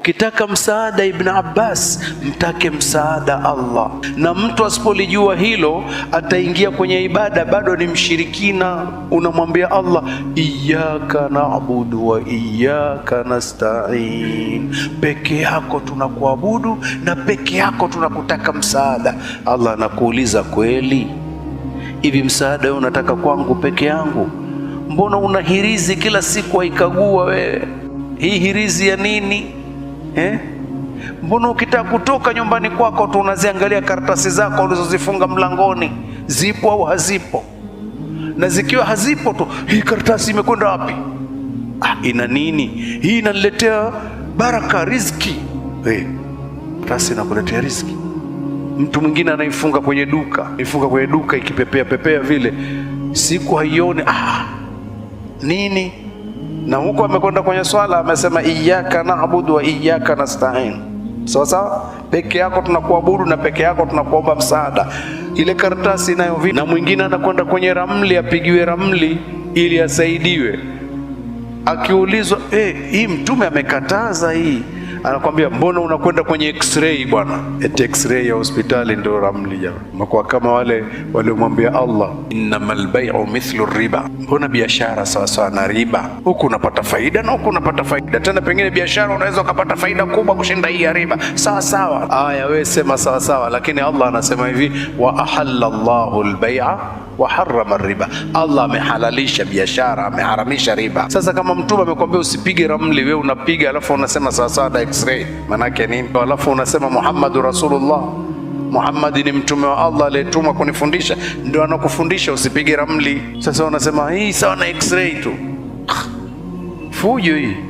Ukitaka msaada Ibn Abbas, mtake msaada Allah. Na mtu asipolijua hilo, ataingia kwenye ibada bado ni mshirikina. Unamwambia Allah, iyyaka na'budu wa iyyaka nasta'in, peke yako tunakuabudu na peke yako tunakutaka msaada. Allah anakuuliza kweli, hivi msaada wewe unataka kwangu peke yangu? Mbona una hirizi kila siku aikagua wewe? Hii hirizi ya nini? eh? Mbona ukitaka kutoka nyumbani kwako tu unaziangalia karatasi zako ulizozifunga mlangoni, zipo au hazipo? Na zikiwa hazipo tu, hii karatasi imekwenda wapi? Ah, ina nini hii? Inaniletea baraka, riziki. Hey, eh, karatasi inakuletea riziki. Mtu mwingine anaifunga kwenye duka, ifunga kwenye duka ikipepea pepea vile, siku haioni. Ah, nini na huko amekwenda kwenye swala amesema iyyaka na'budu wa iyyaka nasta'in. Sawa sawa, peke yako tunakuabudu na peke yako tunakuomba msaada. Ile karatasi inayo vipi? Na mwingine anakwenda kwenye ramli apigiwe ramli ili asaidiwe, akiulizwa eh, hii mtume amekataza hii anakwambia mbona unakwenda kwenye x-ray bwana? Eti x-ray ya hospitali ndio ramli jamaa. Umekuwa kama wale waliomwambia Allah, innamal bai'u mithlu riba, mbona biashara sawa sawa na riba, huku unapata faida na huku unapata faida tena, pengine biashara unaweza ukapata faida kubwa kushinda hii ya riba. Sawa sawa, aya wewe sema sawa sawa, lakini Allah anasema hivi wa ahalla Allahu al-bai'a wa riba, Allah amehalalisha biashara, ameharamisha riba. Sasa kama mtume amekwambia usipige ramli, wewe unapiga, alafu unasema sawa sawa na x-ray, maana yake nini? Alafu unasema Muhammadu Rasulullah, Muhammad ni mtume wa Allah aliyetumwa kunifundisha, ndio anakufundisha usipige ramli. Sasa unasema hii sawa na x-ray tu, ah, fujo hii